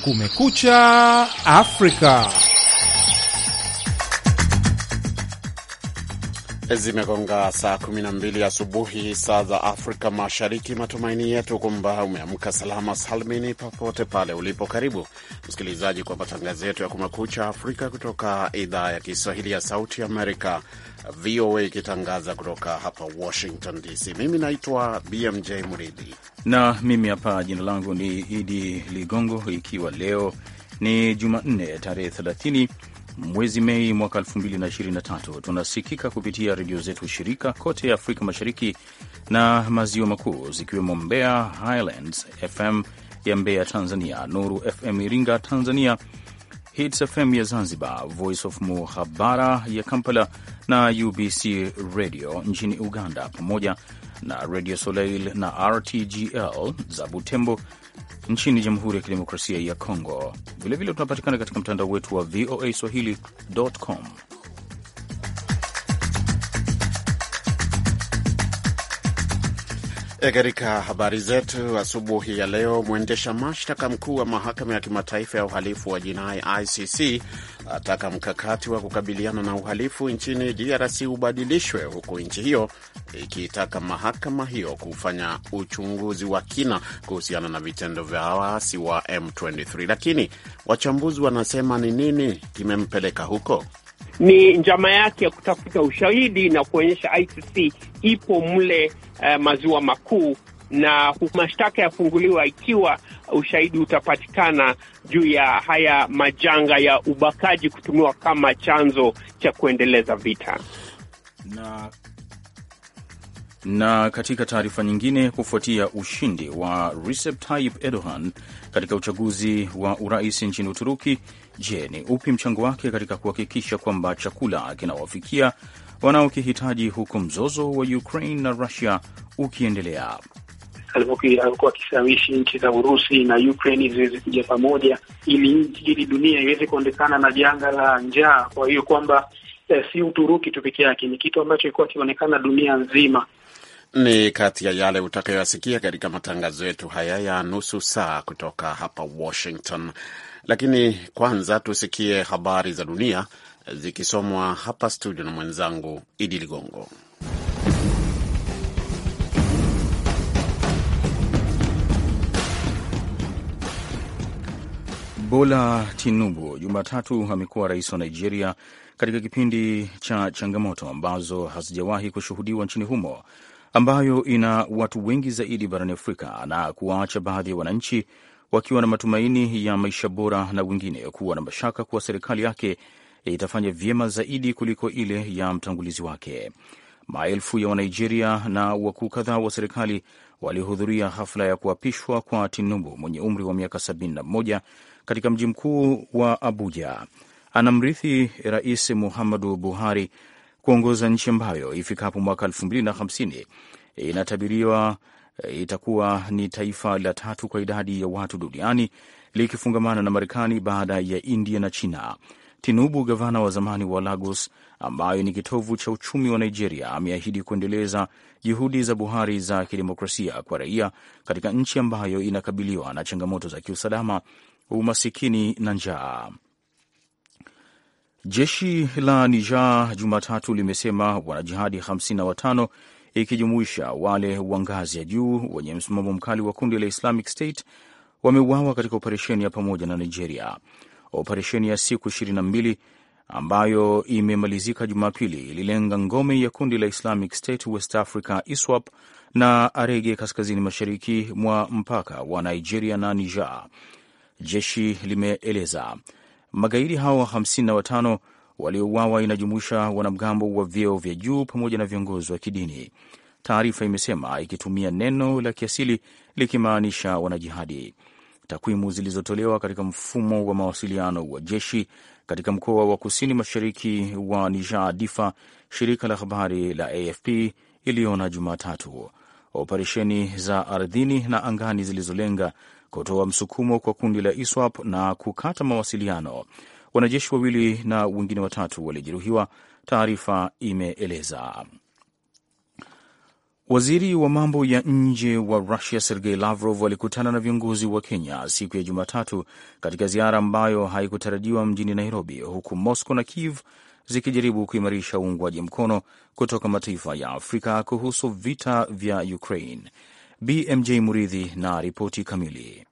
Kumekucha Afrika. Zimegonga saa 12 asubuhi saa za Afrika Mashariki. Matumaini yetu kwamba umeamka salama salmini popote pale ulipo. Karibu msikilizaji, kwa matangazo yetu ya Kumekucha Afrika kutoka idhaa ya Kiswahili ya Sauti Amerika, VOA, ikitangaza kutoka hapa Washington DC. Mimi naitwa BMJ Mridhi na mimi hapa jina langu ni Idi Ligongo, ikiwa leo ni Jumanne tarehe 30 mwezi Mei mwaka 2023. Tunasikika kupitia redio zetu shirika kote Afrika Mashariki na Maziwa Makuu, zikiwemo Mbeya Highlands FM ya Mbeya Tanzania, Nuru FM Iringa Tanzania, Hits FM ya Zanzibar, Voice of Muhabara ya Kampala na UBC Radio nchini Uganda, pamoja na Radio Soleil na RTGL za Butembo nchini Jamhuri ya Kidemokrasia ya Kongo. Vilevile tunapatikana katika mtandao wetu wa VOA Swahili.com. E, katika habari zetu asubuhi ya leo, mwendesha mashtaka mkuu wa mahakama ya kimataifa ya uhalifu wa jinai ICC ataka mkakati wa kukabiliana na uhalifu nchini DRC ubadilishwe, huku nchi hiyo ikiitaka mahakama hiyo kufanya uchunguzi wa kina kuhusiana na vitendo vya waasi wa M23. Lakini wachambuzi wanasema ni nini kimempeleka huko? Ni njama yake ya kutafuta ushahidi na kuonyesha ICC ipo mle, uh, maziwa makuu na mashtaka yafunguliwa ikiwa ushahidi utapatikana juu ya haya majanga ya ubakaji kutumiwa kama chanzo cha kuendeleza vita na na katika taarifa nyingine, kufuatia ushindi wa Recep Tayyip Erdogan katika uchaguzi wa urais nchini Uturuki, je, ni upi mchango wake katika kuhakikisha kwamba chakula kinawafikia wanaokihitaji huku mzozo wa Ukraine na Russia ukiendelea? alikuwa akisawishi nchi za Urusi na Ukraine ziweze kuja pamoja ili ili dunia iweze kuondekana na janga la njaa. Kwa hiyo kwamba eh, si Uturuki tu peke yake, ni kitu ambacho ilikuwa kionekana dunia nzima. Ni kati ya yale utakayoyasikia katika matangazo yetu haya ya nusu saa kutoka hapa Washington, lakini kwanza tusikie habari za dunia zikisomwa hapa studio na mwenzangu Idi Ligongo. Bola Tinubu Jumatatu amekuwa rais wa Nigeria katika kipindi cha changamoto ambazo hazijawahi kushuhudiwa nchini humo, ambayo ina watu wengi zaidi barani Afrika na kuwaacha baadhi ya wananchi wakiwa na matumaini ya maisha bora na wengine kuwa na mashaka kuwa serikali yake itafanya vyema zaidi kuliko ile ya mtangulizi wake. Maelfu ya Wanigeria na wakuu kadhaa wa serikali walihudhuria hafla ya kuapishwa kwa Tinubu mwenye umri wa miaka 71 katika mji mkuu wa Abuja. Anamrithi Rais Muhammadu Buhari kuongoza nchi ambayo ifikapo mwaka 2050 inatabiriwa eh, itakuwa ni taifa la tatu kwa idadi ya watu duniani likifungamana na Marekani baada ya India na China. Tinubu, gavana wa zamani wa Lagos ambayo ni kitovu cha uchumi wa Nigeria, ameahidi kuendeleza juhudi za Buhari za kidemokrasia kwa raia katika nchi ambayo inakabiliwa na changamoto za kiusalama umasikini na njaa. Jeshi la Niger Jumatatu limesema wanajihadi 55 ikijumuisha wale wa ngazi ya juu wenye msimamo mkali wa kundi la Islamic State wameuawa katika operesheni ya pamoja na Nigeria. Operesheni ya siku 22 ambayo imemalizika Jumapili ililenga ngome ya kundi la Islamic State West Africa ISWAP na Arege kaskazini mashariki mwa mpaka wa Nigeria na Niger jeshi limeeleza. Magaidi hao 55 waliouawa inajumuisha wanamgambo wa vyeo vya juu pamoja na viongozi wa kidini, taarifa imesema ikitumia neno la kiasili likimaanisha wanajihadi. Takwimu zilizotolewa katika mfumo wa mawasiliano wa jeshi katika mkoa wa kusini mashariki wa Niger Difa, shirika la habari la AFP iliona Jumatatu. Operesheni za ardhini na angani zilizolenga kutoa msukumo kwa kundi la ISWAP na kukata mawasiliano. Wanajeshi wawili na wengine watatu walijeruhiwa, taarifa imeeleza. Waziri wa mambo ya nje wa Rusia Sergei Lavrov alikutana na viongozi wa Kenya siku ya Jumatatu katika ziara ambayo haikutarajiwa mjini Nairobi, huku Moscow na Kiev zikijaribu kuimarisha uungwaji mkono kutoka mataifa ya Afrika kuhusu vita vya Ukraine. BMJ Muridhi na ripoti kamili.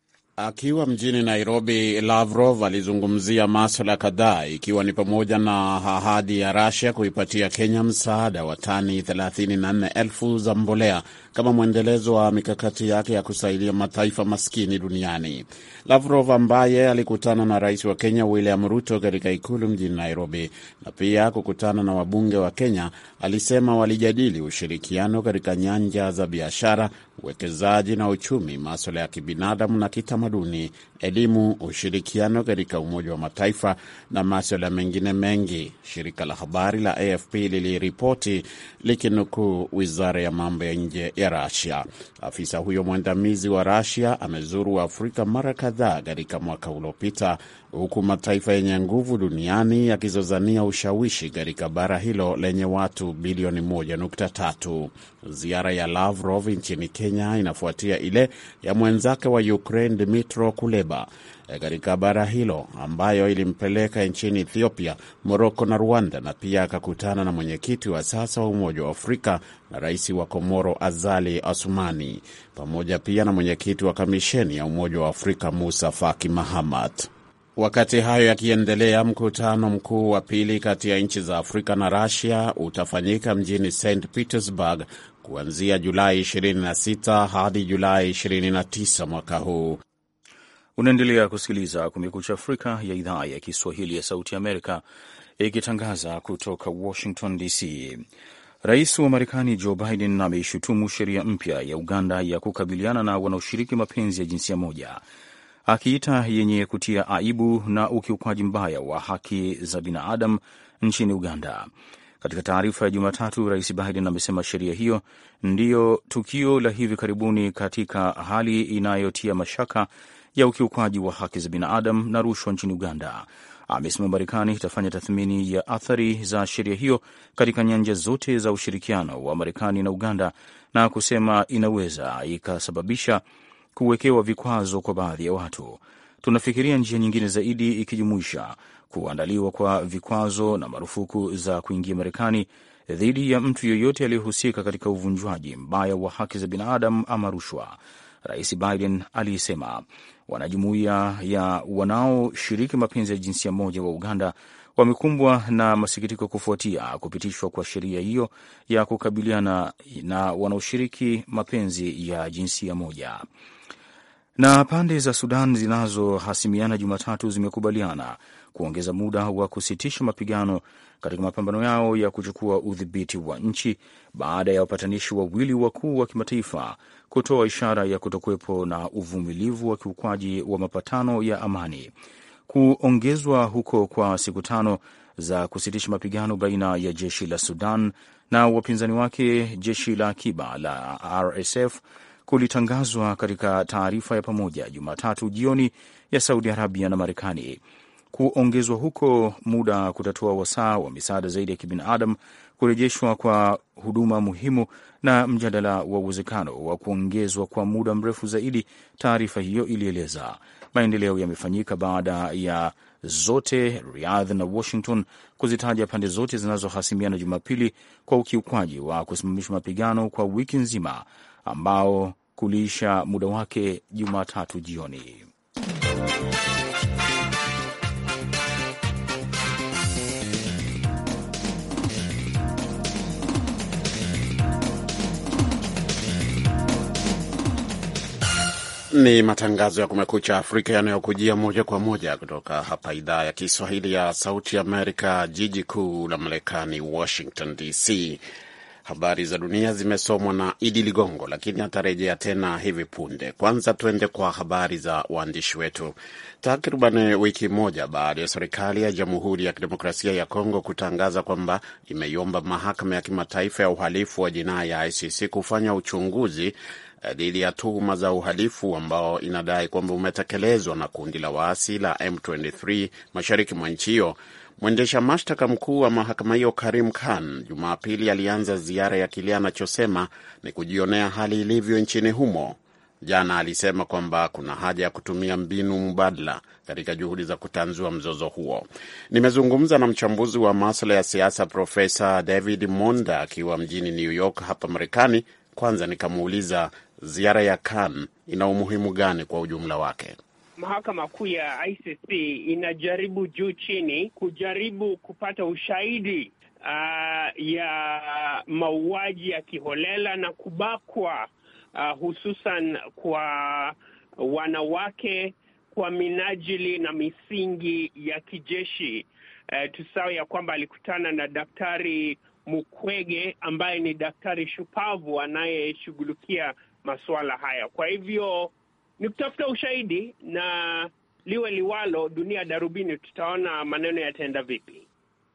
Akiwa mjini Nairobi, Lavrov alizungumzia maswala kadhaa ikiwa ni pamoja na ahadi ya Russia kuipatia Kenya msaada wa tani 34,000 za mbolea kama mwendelezo wa mikakati yake ya kusaidia mataifa maskini duniani. Lavrov ambaye alikutana na rais wa Kenya William Ruto katika ikulu mjini Nairobi na pia kukutana na wabunge wa Kenya, alisema walijadili ushirikiano katika nyanja za biashara, uwekezaji na uchumi, maswala ya kibinadamu na kitama 阿努尼。elimu, ushirikiano katika Umoja wa Mataifa na maswala mengine mengi, shirika la habari la AFP liliripoti likinukuu wizara ya mambo ya nje ya Rasia. Afisa huyo mwandamizi wa Rasia amezuru Afrika mara kadhaa katika mwaka uliopita, huku mataifa yenye nguvu duniani yakizozania ushawishi katika bara hilo lenye watu bilioni 1.3. Ziara ya Lavrov nchini Kenya inafuatia ile ya mwenzake wa Ukraine Dmitro Kuleba addis eh, katika bara hilo, ambayo ilimpeleka nchini Ethiopia, Moroko na Rwanda, na pia akakutana na mwenyekiti wa sasa wa Umoja wa Afrika na rais wa Komoro Azali Asumani, pamoja pia na mwenyekiti wa kamisheni ya Umoja wa Afrika Musa Faki Mahamat. Wakati hayo yakiendelea, mkutano mkuu wa pili kati ya nchi za Afrika na rasia utafanyika mjini St Petersburg kuanzia Julai 26 hadi Julai 29 mwaka huu, Unaendelea kusikiliza Kumekucha Afrika ya idhaa ya Kiswahili ya Sauti Amerika ikitangaza kutoka Washington DC. Rais wa Marekani Joe Biden ameishutumu sheria mpya ya Uganda ya kukabiliana na wanaoshiriki mapenzi ya jinsia moja, akiita yenye kutia aibu na ukiukwaji mbaya wa haki za binadamu nchini Uganda. Katika taarifa ya Jumatatu, Rais Biden amesema sheria hiyo ndiyo tukio la hivi karibuni katika hali inayotia mashaka ya ukiukwaji wa haki za binadamu na rushwa nchini Uganda. Amesema Marekani itafanya tathmini ya athari za sheria hiyo katika nyanja zote za ushirikiano wa Marekani na Uganda, na kusema inaweza ikasababisha kuwekewa vikwazo kwa baadhi ya watu. Tunafikiria njia nyingine zaidi, ikijumuisha kuandaliwa kwa vikwazo na marufuku za kuingia Marekani dhidi ya mtu yeyote aliyehusika katika uvunjwaji mbaya wa haki za binadamu ama rushwa, Rais Biden alisema. Wanajumuiya ya wanaoshiriki mapenzi ya jinsia moja wa Uganda wamekumbwa na masikitiko kufuatia kupitishwa kwa sheria hiyo ya kukabiliana na wanaoshiriki mapenzi ya jinsia moja. Na pande za Sudan zinazohasimiana Jumatatu zimekubaliana kuongeza muda wa kusitisha mapigano katika mapambano yao ya kuchukua udhibiti wa nchi baada ya wapatanishi wawili wakuu wa, kimataifa kutoa ishara ya kutokuwepo na uvumilivu wa kiukwaji wa mapatano ya amani. Kuongezwa huko kwa siku tano za kusitisha mapigano baina ya jeshi la Sudan na wapinzani wake, jeshi la akiba la RSF kulitangazwa katika taarifa ya pamoja Jumatatu jioni ya Saudi Arabia na Marekani kuongezwa huko muda kutatoa wasaa wa misaada zaidi ya kibinadamu, kurejeshwa kwa huduma muhimu na mjadala wa uwezekano wa kuongezwa kwa muda mrefu zaidi, taarifa hiyo ilieleza. Maendeleo yamefanyika baada ya zote Riyadh na Washington kuzitaja pande zote zinazohasimiana Jumapili kwa ukiukwaji wa kusimamisha mapigano kwa wiki nzima ambao kuliisha muda wake Jumatatu jioni. Ni matangazo ya Kumekucha Afrika yanayokujia moja kwa moja kutoka hapa idhaa ya Kiswahili ya Sauti Amerika, jiji kuu la Marekani, Washington DC. Habari za dunia zimesomwa na Idi Ligongo, lakini atarejea tena hivi punde. Kwanza tuende kwa habari za waandishi wetu. Takriban wiki moja baada ya serikali ya Jamhuri ya Kidemokrasia ya Kongo kutangaza kwamba imeiomba mahakama ya kimataifa ya uhalifu wa jinai ya ICC kufanya uchunguzi Eh, dhidi ya tuhuma za uhalifu ambao inadai kwamba umetekelezwa na kundi la waasi la M23 mashariki mwa nchi hiyo. Mwendesha mashtaka mkuu wa mahakama hiyo Karim Khan Jumapili alianza ziara ya kile anachosema ni kujionea hali ilivyo nchini humo. Jana alisema kwamba kuna haja ya kutumia mbinu mbadala katika juhudi za kutanzua mzozo huo. Nimezungumza na mchambuzi wa maswala ya siasa Profesa David Monda akiwa mjini New York hapa Marekani. Kwanza nikamuuliza ziara ya Khan ina umuhimu gani kwa ujumla wake? Mahakama Kuu ya ICC inajaribu juu chini kujaribu kupata ushahidi uh, ya mauaji ya kiholela na kubakwa uh, hususan kwa wanawake kwa minajili na misingi ya kijeshi. Uh, tusawe ya kwamba alikutana na Daktari Mukwege ambaye ni daktari shupavu anayeshughulikia masuala haya. Kwa hivyo ni kutafuta ushahidi na liwe liwalo, dunia darubini, tutaona maneno yataenda vipi.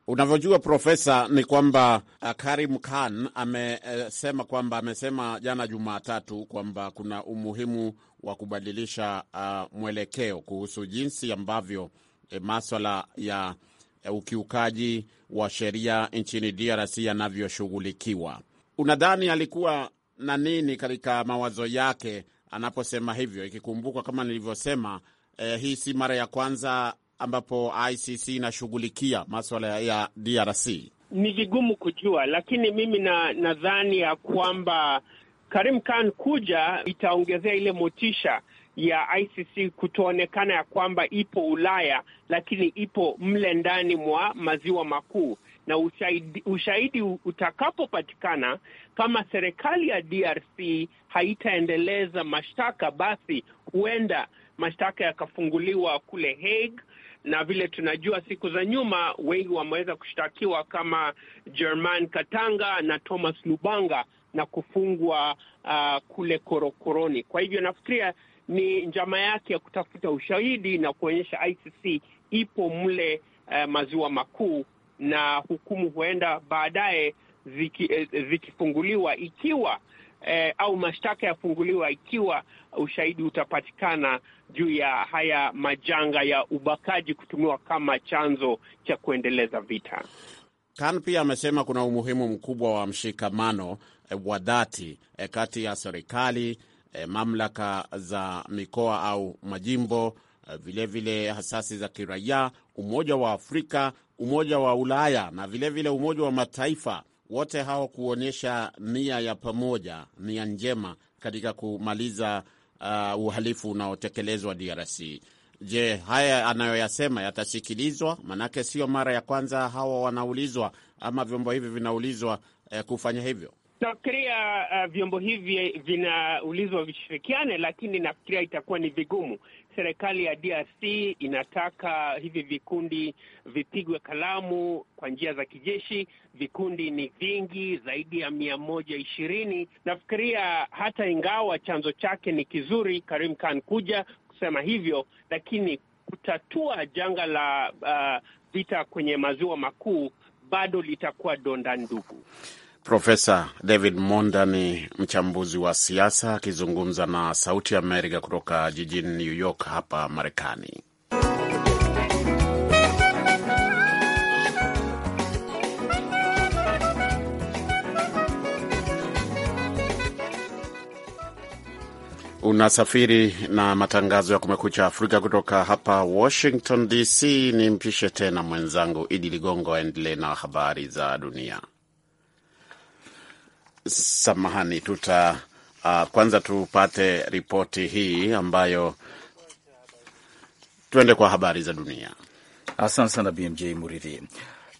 Unavyojua Profesa, ni kwamba uh, Karim Khan amesema uh, kwamba amesema jana Jumatatu kwamba kuna umuhimu wa kubadilisha uh, mwelekeo kuhusu jinsi ambavyo eh, maswala ya eh, ukiukaji wa sheria nchini DRC yanavyoshughulikiwa. Unadhani alikuwa na nini katika mawazo yake anaposema hivyo, ikikumbukwa kama nilivyosema, eh, hii si mara ya kwanza ambapo ICC inashughulikia maswala ya DRC. Ni vigumu kujua, lakini mimi na nadhani ya kwamba Karim Khan kuja itaongezea ile motisha ya ICC kutoonekana ya kwamba ipo Ulaya, lakini ipo mle ndani mwa maziwa makuu na ushahidi, ushahidi utakapopatikana kama serikali ya DRC haitaendeleza mashtaka, basi huenda mashtaka yakafunguliwa kule Hague na vile tunajua siku za nyuma wengi wameweza kushtakiwa kama german Katanga na Thomas Lubanga na kufungwa uh, kule korokoroni. Kwa hivyo nafikiria ni njama yake ya kutafuta ushahidi na kuonyesha ICC ipo mle uh, maziwa makuu, na hukumu huenda baadaye Eh, zikifunguliwa ziki ikiwa eh, au mashtaka yafunguliwa ikiwa ushahidi utapatikana juu ya haya majanga ya ubakaji kutumiwa kama chanzo cha kuendeleza vita. Khan pia amesema kuna umuhimu mkubwa wa mshikamano eh, wa dhati eh, kati ya serikali eh, mamlaka za mikoa au majimbo vilevile eh, vile hasasi za kiraia, Umoja wa Afrika, Umoja wa Ulaya na vilevile vile Umoja wa Mataifa wote hao kuonyesha nia ya pamoja, nia njema katika kumaliza uh, uhalifu unaotekelezwa DRC. Je, haya anayoyasema yatasikilizwa? Maanake sio mara ya kwanza hawa wanaulizwa ama vyombo hivi vinaulizwa eh, kufanya hivyo. Nafikiria uh, vyombo hivi vinaulizwa vishirikiane, lakini nafikiria itakuwa ni vigumu serikali ya DRC inataka hivi vikundi vipigwe kalamu kwa njia za kijeshi. Vikundi ni vingi zaidi ya mia moja ishirini. Nafikiria hata ingawa chanzo chake ni kizuri, Karim Khan kuja kusema hivyo, lakini kutatua janga la uh, vita kwenye maziwa makuu bado litakuwa donda ndugu. Profesa David Monda ni mchambuzi wa siasa akizungumza na Sauti Amerika kutoka jijini New York hapa Marekani. Unasafiri na matangazo ya Kumekucha Afrika kutoka hapa Washington DC. Ni mpishe tena mwenzangu Idi Ligongo aendelee na habari za dunia samahani, tuta uh, kwanza tupate ripoti hii ambayo, tuende kwa habari za dunia. Asante sana BMJ Muridhi.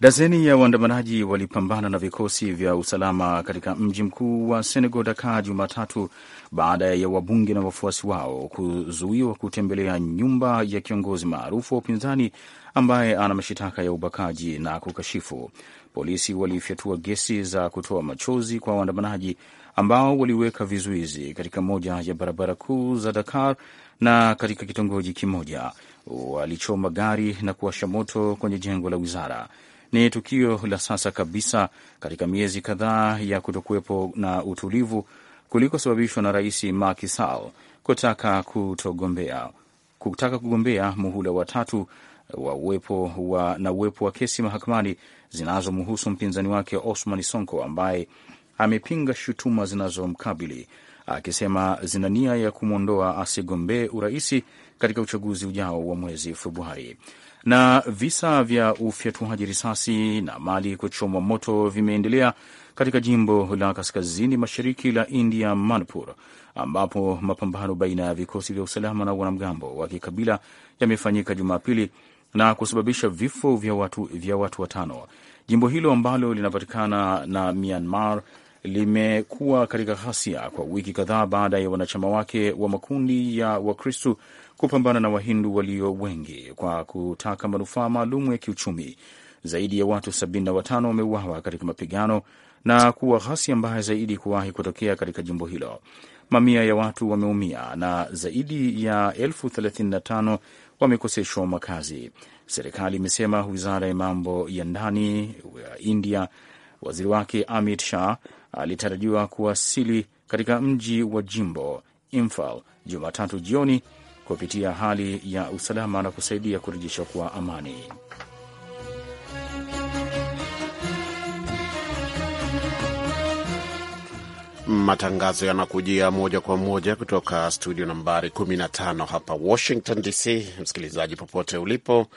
Dazeni ya waandamanaji walipambana na vikosi vya usalama katika mji mkuu wa Senegal, Dakar, Jumatatu baada ya wabunge na wafuasi wao kuzuiwa kutembelea nyumba ya kiongozi maarufu wa upinzani ambaye ana mashitaka ya ubakaji na kukashifu polisi walifyatua gesi za kutoa machozi kwa waandamanaji ambao waliweka vizuizi katika moja ya barabara kuu za Dakar na katika kitongoji kimoja walichoma gari na kuwasha moto kwenye jengo la wizara. Ni tukio la sasa kabisa katika miezi kadhaa ya kutokuwepo na utulivu kulikosababishwa na Rais Macky Sall kutaka kutogombea kutaka kugombea muhula watatu wa uwepo wa, na uwepo wa kesi mahakamani zinazomhusu mpinzani wake Osman Sonko ambaye amepinga shutuma zinazomkabili akisema zina nia ya kumwondoa asigombee uraisi katika uchaguzi ujao wa mwezi Februari. Na visa vya ufyatuaji risasi na mali kuchomwa moto vimeendelea katika jimbo la kaskazini mashariki la India, Manipur, ambapo mapambano baina ya vikosi vya usalama na wanamgambo wa kikabila yamefanyika Jumapili na kusababisha vifo vya watu, vya watu watano. Jimbo hilo ambalo linapatikana na Myanmar limekuwa katika ghasia kwa wiki kadhaa baada ya wanachama wake wa makundi ya Wakristu kupambana na Wahindu walio wengi kwa kutaka manufaa maalum ya kiuchumi. Zaidi ya watu 75 wameuawa katika mapigano na kuwa ghasia mbaya zaidi kuwahi kutokea katika jimbo hilo. Mamia ya watu wameumia na zaidi ya elfu 35 wamekoseshwa makazi. Serikali imesema wizara ya mambo ya ndani ya India, waziri wake Amit Shah alitarajiwa kuwasili katika mji wa jimbo Imphal Jumatatu jioni kupitia hali ya usalama na kusaidia kurejeshwa kwa amani. Matangazo yanakujia moja kwa moja kutoka studio nambari 15 hapa Washington DC. Msikilizaji popote ulipo,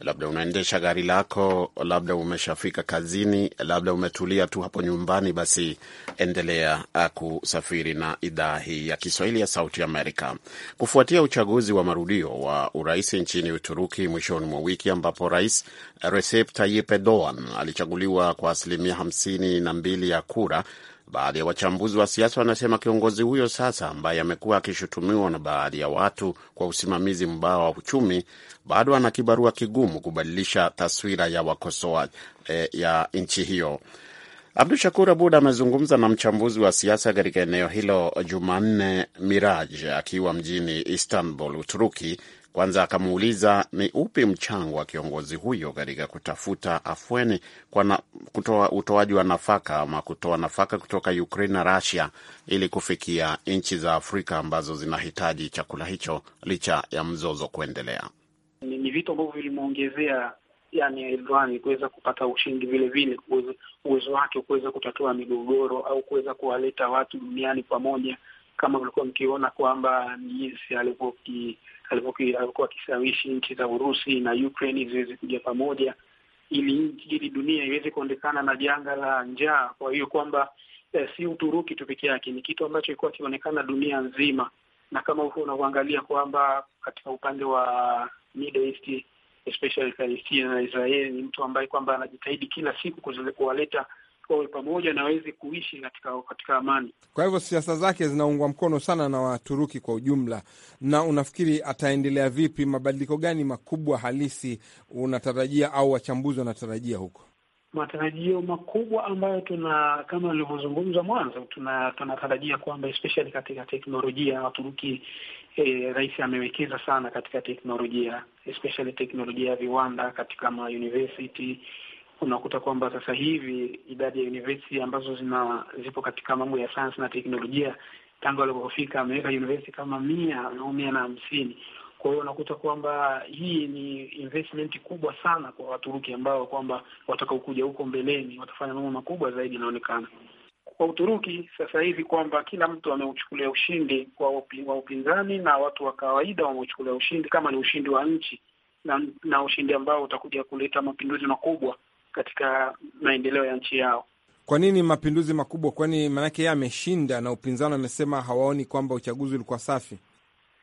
labda unaendesha gari lako, labda umeshafika kazini, labda umetulia tu hapo nyumbani, basi endelea uh, kusafiri na idhaa hii ya Kiswahili ya Sauti Amerika. Kufuatia uchaguzi wa marudio wa urais nchini Uturuki mwishoni mwa wiki, ambapo rais Recep Tayyip Erdogan alichaguliwa kwa asilimia 52 ya kura Baadhi ya wachambuzi wa siasa wanasema kiongozi huyo sasa, ambaye amekuwa akishutumiwa na baadhi ya watu kwa usimamizi mbaya wa uchumi, bado ana kibarua kigumu kubadilisha taswira ya wakosoa eh, ya nchi hiyo. Abdu Shakur Abud amezungumza na mchambuzi wa siasa katika eneo hilo Jumanne Miraj akiwa mjini Istanbul, Uturuki, kwanza akamuuliza ni upi mchango wa kiongozi huyo katika kutafuta afueni kwa kutoa utoaji wa nafaka ama kutoa nafaka kutoka Ukraine na Russia ili kufikia nchi za Afrika ambazo zinahitaji chakula hicho licha ya mzozo kuendelea. Ni, ni vitu ambavyo vilimwongezea yani Erdogan kuweza kupata ushindi vile vile, uwezo wake kuweza kutatua migogoro au kuweza kuwaleta watu duniani pamoja kama mlikuwa mkiona kwamba ni jinsi alivyokuwa akisawishi nchi za Urusi na Ukraine ziweze kuja pamoja ili ili dunia iweze kuondekana na janga la njaa. Kwa hiyo kwamba eh, si Uturuki tu peke yake, ni kitu ambacho ilikuwa kionekana dunia nzima, na kama huko unavyoangalia kwamba katika upande wa Middle East especially Palestina na Israeli, ni mtu ambaye kwamba anajitahidi kila siku kuwaleta kwa pamoja na waweze kuishi katika katika amani. Kwa hivyo siasa zake zinaungwa mkono sana na Waturuki kwa ujumla. Na unafikiri ataendelea vipi? Mabadiliko gani makubwa halisi unatarajia au wachambuzi wanatarajia huko? Matarajio makubwa ambayo tuna kama nilivyozungumza mwanzo, tunatarajia tuna kwamba especially katika teknolojia Waturuki eh, rais amewekeza sana katika teknolojia especially teknolojia ya viwanda katika ma university unakuta kwamba sasa hivi idadi ya university ambazo zina zipo katika mambo ya sayansi na teknolojia tangu alipofika ameweka university kama mia au mia na hamsini. Kwa hiyo unakuta kwamba hii ni investment kubwa sana kwa Waturuki ambao kwamba watakaokuja huko mbeleni watafanya mambo makubwa zaidi. Inaonekana kwa Uturuki sasa hivi kwamba kila mtu ameuchukulia ushindi kwa upi, wa upinzani na watu wa kawaida wameuchukulia ushindi kama ni ushindi wa nchi na, na ushindi ambao utakuja kuleta mapinduzi makubwa katika maendeleo ya nchi yao. Kwa nini mapinduzi makubwa? Kwani maanake yeye ameshinda na upinzani amesema hawaoni kwamba uchaguzi ulikuwa safi.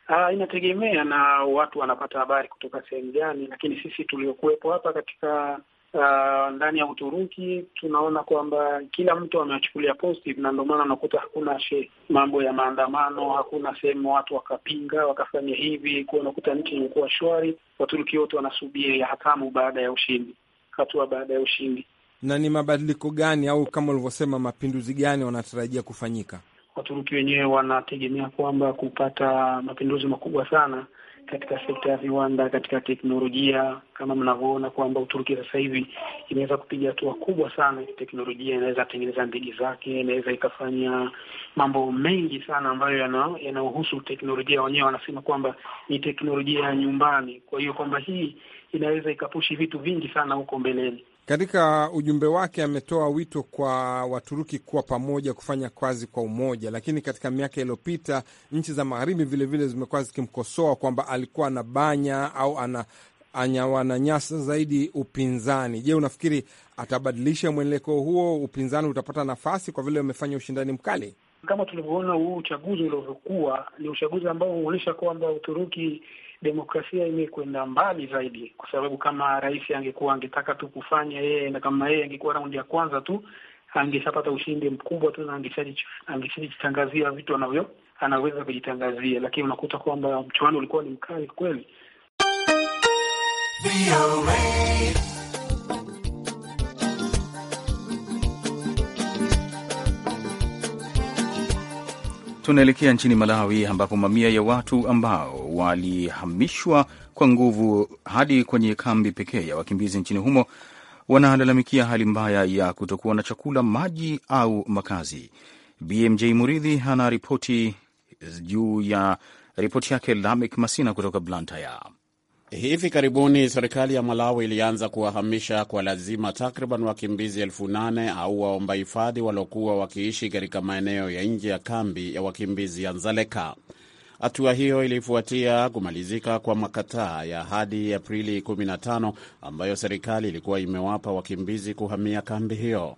Aa, ah, inategemea na watu wanapata habari kutoka sehemu gani, lakini sisi tuliokuwepo hapa katika Uh, ndani ya Uturuki tunaona kwamba kila mtu ameachukulia positive, na ndio maana unakuta hakuna she, mambo ya maandamano, hakuna sehemu watu wakapinga wakafanya hivi, kuwa unakuta nchi imekuwa shwari. Waturuki wote wanasubiri hatamu baada ya ushindi hatua baada ya ushindi. Na ni mabadiliko gani au kama ulivyosema mapinduzi gani wanatarajia kufanyika? Waturuki wenyewe wanategemea kwamba kupata mapinduzi makubwa sana katika sekta ya viwanda, katika teknolojia. Kama mnavyoona kwamba Uturuki sasa hivi imeweza kupiga hatua kubwa sana kiteknolojia, inaweza kutengeneza ndege zake, inaweza ikafanya mambo mengi sana ambayo yanayohusu yana teknolojia. Wenyewe wanasema kwamba ni teknolojia ya nyumbani, kwa hiyo kwamba hii inaweza ikapushi vitu vingi sana huko mbeleni. Katika ujumbe wake ametoa wito kwa Waturuki kuwa pamoja, kufanya kazi kwa umoja, lakini katika miaka iliyopita nchi za magharibi vilevile zimekuwa zikimkosoa kwamba alikuwa anabanya au ana anyawananyasa zaidi upinzani. Je, unafikiri atabadilisha mwelekeo huo? Upinzani utapata nafasi kwa vile amefanya ushindani mkali? Kama tulivyoona huu uchaguzi uliovyokuwa, ni uchaguzi ambao unaonyesha kwamba Uturuki demokrasia imekwenda mbali zaidi, kwa sababu kama rais angekuwa angetaka tu kufanya yeye, na kama yeye angekuwa raundi ya kwanza tu angeshapata ushindi mkubwa tu na angeshajitangazia vitu anavyo anaweza kujitangazia, lakini unakuta kwamba mchuano ulikuwa ni mkali kweli. Tunaelekea nchini Malawi ambapo mamia ya watu ambao walihamishwa kwa nguvu hadi kwenye kambi pekee ya wakimbizi nchini humo wanalalamikia hali mbaya ya kutokuwa na chakula, maji au makazi. BMJ Muridhi ana ripoti juu ya ripoti yake Lamek Masina kutoka Blantyre. Hivi karibuni serikali ya Malawi ilianza kuwahamisha kwa lazima takriban wakimbizi elfu nane au waomba hifadhi waliokuwa wakiishi katika maeneo ya nje ya kambi ya wakimbizi ya Nzaleka. Hatua hiyo ilifuatia kumalizika kwa makataa ya hadi Aprili 15 ambayo serikali ilikuwa imewapa wakimbizi kuhamia kambi hiyo.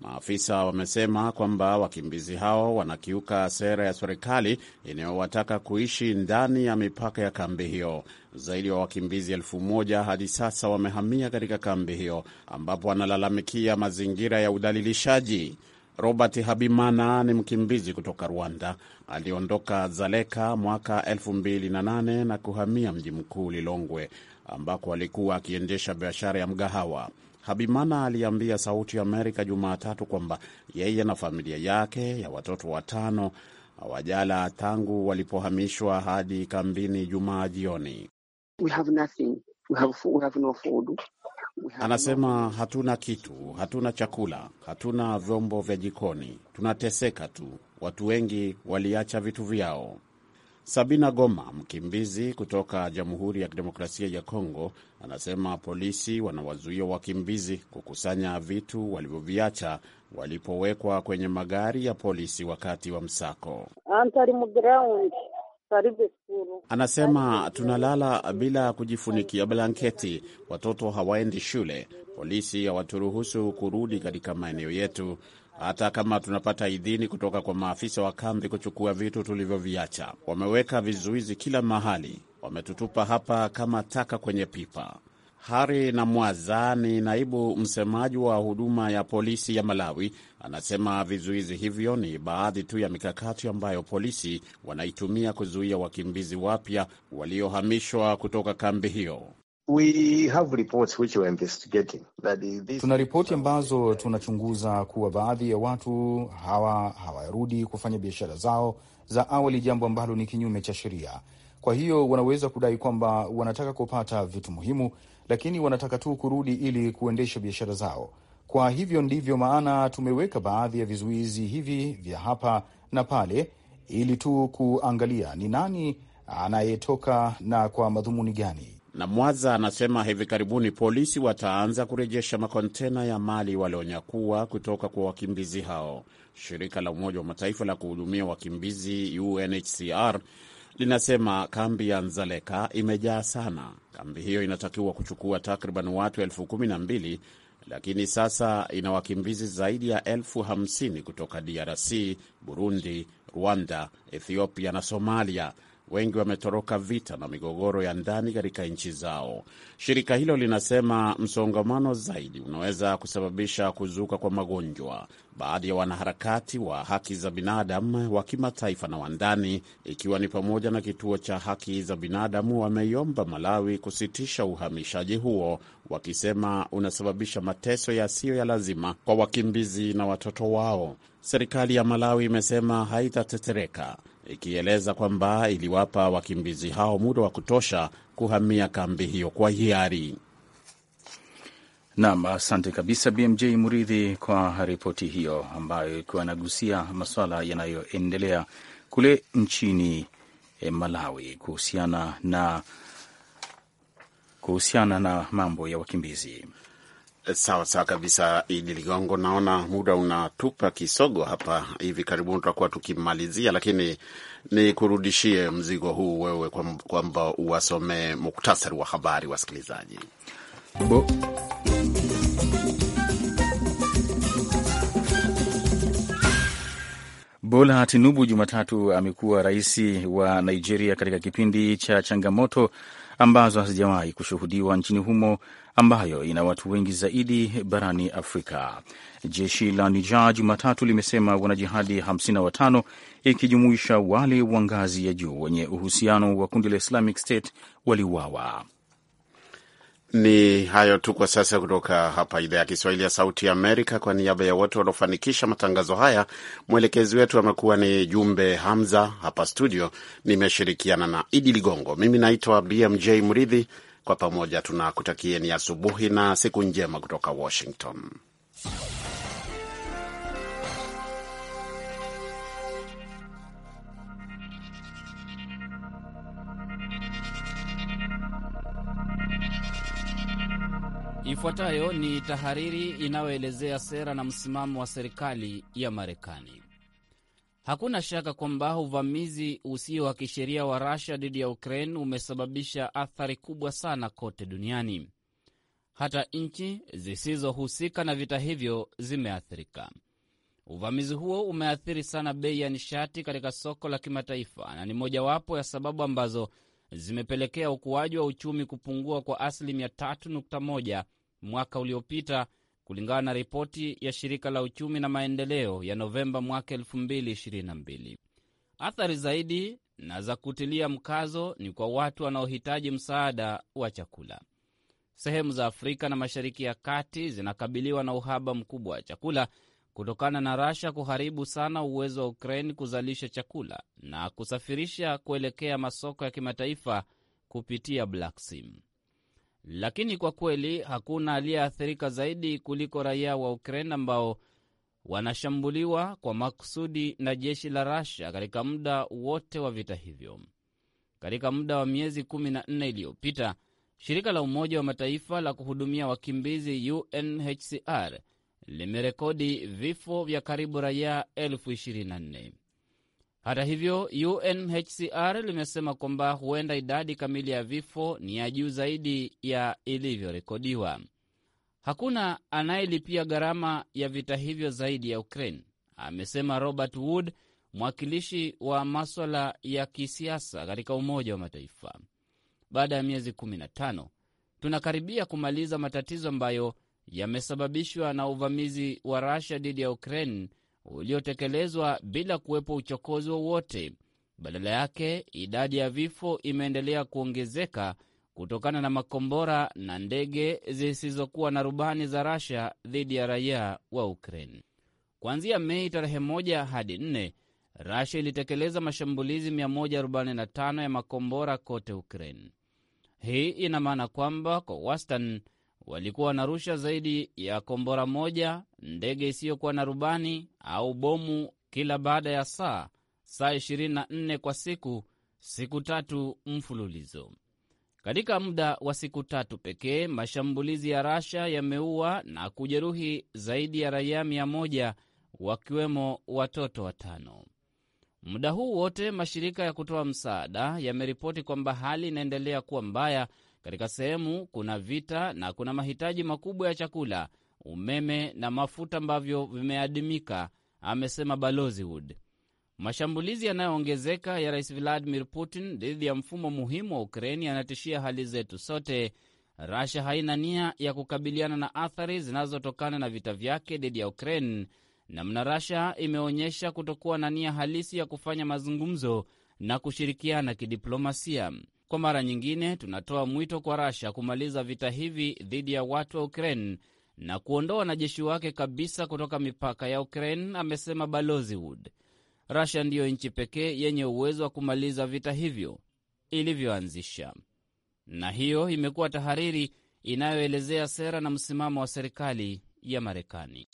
Maafisa wamesema kwamba wakimbizi hao wanakiuka sera ya serikali inayowataka kuishi ndani ya mipaka ya kambi hiyo. Zaidi ya wa wakimbizi elfu moja hadi sasa wamehamia katika kambi hiyo, ambapo wanalalamikia mazingira ya udhalilishaji. Robert Habimana ni mkimbizi kutoka Rwanda. Aliondoka Zaleka mwaka 2008 na kuhamia mji mkuu Lilongwe, ambako alikuwa akiendesha biashara ya mgahawa. Habimana aliambia Sauti ya Amerika Jumatatu kwamba yeye na familia yake ya watoto watano hawajala tangu walipohamishwa hadi kambini Jumaa jioni. anasema hatuna kitu, hatuna chakula, hatuna vyombo vya jikoni, tunateseka tu. Watu wengi waliacha vitu vyao. Sabina Goma, mkimbizi kutoka Jamhuri ya Kidemokrasia ya Kongo, anasema polisi wanawazuia wakimbizi kukusanya vitu walivyoviacha walipowekwa kwenye magari ya polisi wakati wa msako. Anasema tunalala bila kujifunikia blanketi, watoto hawaendi shule, polisi hawaturuhusu kurudi katika maeneo yetu, hata kama tunapata idhini kutoka kwa maafisa wa kambi kuchukua vitu tulivyoviacha. Wameweka vizuizi kila mahali, wametutupa hapa kama taka kwenye pipa. Hari na mwaza ni naibu msemaji wa huduma ya polisi ya Malawi Anasema vizuizi hivyo ni baadhi tu ya mikakati ambayo polisi wanaitumia kuzuia wakimbizi wapya waliohamishwa kutoka kambi hiyo. We have reports which investigating. That is this... tuna ripoti ambazo tunachunguza kuwa baadhi ya watu hawa hawarudi kufanya biashara zao za awali, jambo ambalo ni kinyume cha sheria. Kwa hiyo wanaweza kudai kwamba wanataka kupata vitu muhimu, lakini wanataka tu kurudi ili kuendesha biashara zao. Kwa hivyo ndivyo maana tumeweka baadhi ya vizuizi hivi vya hapa na pale, ili tu kuangalia ni nani anayetoka na kwa madhumuni gani. Na Mwaza anasema hivi karibuni polisi wataanza kurejesha makontena ya mali walionyakua kutoka kwa wakimbizi hao. Shirika la Umoja wa Mataifa la kuhudumia wakimbizi UNHCR linasema kambi ya Nzaleka imejaa sana. Kambi hiyo inatakiwa kuchukua takriban watu elfu kumi na mbili lakini sasa ina wakimbizi zaidi ya elfu hamsini kutoka DRC, Burundi, Rwanda, Ethiopia na Somalia wengi wametoroka vita na migogoro ya ndani katika nchi zao. Shirika hilo linasema msongamano zaidi unaweza kusababisha kuzuka kwa magonjwa. Baadhi ya wanaharakati wa haki za binadamu wa kimataifa na wa ndani, ikiwa ni pamoja na kituo cha haki za binadamu, wameiomba Malawi kusitisha uhamishaji huo, wakisema unasababisha mateso yasiyo ya lazima kwa wakimbizi na watoto wao. Serikali ya Malawi imesema haitatetereka ikieleza kwamba iliwapa wakimbizi hao muda wa kutosha kuhamia kambi hiyo kwa hiari. Nam, asante kabisa BMJ Muridhi kwa ripoti hiyo ambayo ikiwa anagusia masuala yanayoendelea kule nchini e, Malawi kuhusiana na, kuhusiana na mambo ya wakimbizi. Sawa sawa kabisa, Idi Ligongo. Naona muda unatupa kisogo hapa, hivi karibuni tutakuwa tukimalizia, lakini ni kurudishie mzigo huu wewe, kwamba uwasomee muktasari wa habari wasikilizaji Bo. Bola Tinubu Jumatatu amekuwa rais wa Nigeria katika kipindi cha changamoto ambazo hazijawahi kushuhudiwa nchini humo ambayo ina watu wengi zaidi barani Afrika. Jeshi la Niger Jumatatu limesema wanajihadi 55 ikijumuisha wale wa ngazi ya juu wenye uhusiano wa kundi la Islamic State waliuawa. Ni hayo tu kwa sasa kutoka hapa idhaa ya Kiswahili ya Sauti ya Amerika. Kwa niaba ya wote waliofanikisha matangazo haya, mwelekezi wetu amekuwa ni Jumbe Hamza. Hapa studio nimeshirikiana na Idi Ligongo. Mimi naitwa BMJ Mridhi. Kwa pamoja tunakutakieni asubuhi na siku njema kutoka Washington. Ifuatayo ni tahariri inayoelezea sera na msimamo wa serikali ya Marekani. Hakuna shaka kwamba uvamizi usio wa kisheria wa rasha dhidi ya Ukraine umesababisha athari kubwa sana kote duniani. Hata nchi zisizohusika na vita hivyo zimeathirika. Uvamizi huo umeathiri sana bei ya nishati katika soko la kimataifa na ni mojawapo ya sababu ambazo zimepelekea ukuaji wa uchumi kupungua kwa asilimia 3.1 mwaka uliopita, kulingana na ripoti ya shirika la uchumi na maendeleo ya Novemba mwaka 2022. Athari zaidi na za kutilia mkazo ni kwa watu wanaohitaji msaada wa chakula. Sehemu za Afrika na Mashariki ya Kati zinakabiliwa na uhaba mkubwa wa chakula kutokana na Rasha kuharibu sana uwezo wa Ukraine kuzalisha chakula na kusafirisha kuelekea masoko ya kimataifa kupitia Black Sea. Lakini kwa kweli hakuna aliyeathirika zaidi kuliko raia wa Ukraine ambao wanashambuliwa kwa makusudi na jeshi la Rasha katika muda wote wa vita hivyo. Katika muda wa miezi 14 iliyopita, shirika la Umoja wa Mataifa la kuhudumia wakimbizi UNHCR limerekodi vifo vya karibu raia elfu 24. Hata hivyo, UNHCR limesema kwamba huenda idadi kamili ya vifo ni ya juu zaidi ya ilivyorekodiwa. Hakuna anayelipia gharama ya vita hivyo zaidi ya Ukraine, amesema Robert Wood, mwakilishi wa maswala ya kisiasa katika Umoja wa Mataifa. Baada ya miezi 15 tunakaribia kumaliza matatizo ambayo yamesababishwa na uvamizi wa rasha dhidi ya Ukraine uliotekelezwa bila kuwepo uchokozi wowote. Badala yake, idadi ya vifo imeendelea kuongezeka kutokana na makombora na ndege zisizokuwa na rubani za rasha dhidi ya raia wa Ukraine. Kuanzia Mei tarehe moja hadi nne, rasha ilitekeleza mashambulizi 145 ya makombora kote Ukraine. Hii ina maana kwamba kwa wastani walikuwa wanarusha zaidi ya kombora moja, ndege isiyokuwa na rubani au bomu kila baada ya saa saa 24 kwa siku, siku tatu mfululizo. Katika muda wa siku tatu pekee, mashambulizi ya Rasha yameua na kujeruhi zaidi ya raia mia moja wakiwemo watoto watano. Muda huu wote mashirika ya kutoa msaada yameripoti kwamba hali inaendelea kuwa mbaya katika sehemu kuna vita na kuna mahitaji makubwa ya chakula, umeme na mafuta ambavyo vimeadimika, amesema Balozi Wood. Mashambulizi yanayoongezeka ya Rais Vladimir Putin dhidi ya mfumo muhimu wa Ukraini yanatishia hali zetu sote. rasia haina nia ya kukabiliana na athari zinazotokana na vita vyake dhidi ya Ukraine. Namna rasia imeonyesha kutokuwa na nia halisi ya kufanya mazungumzo na kushirikiana kidiplomasia. Kwa mara nyingine, tunatoa mwito kwa Rasha kumaliza vita hivi dhidi ya watu wa Ukraine na kuondoa wanajeshi wake kabisa kutoka mipaka ya Ukraine, amesema Balozi Wood. Rasha ndiyo nchi pekee yenye uwezo wa kumaliza vita hivyo ilivyoanzisha. Na hiyo imekuwa tahariri inayoelezea sera na msimamo wa serikali ya Marekani.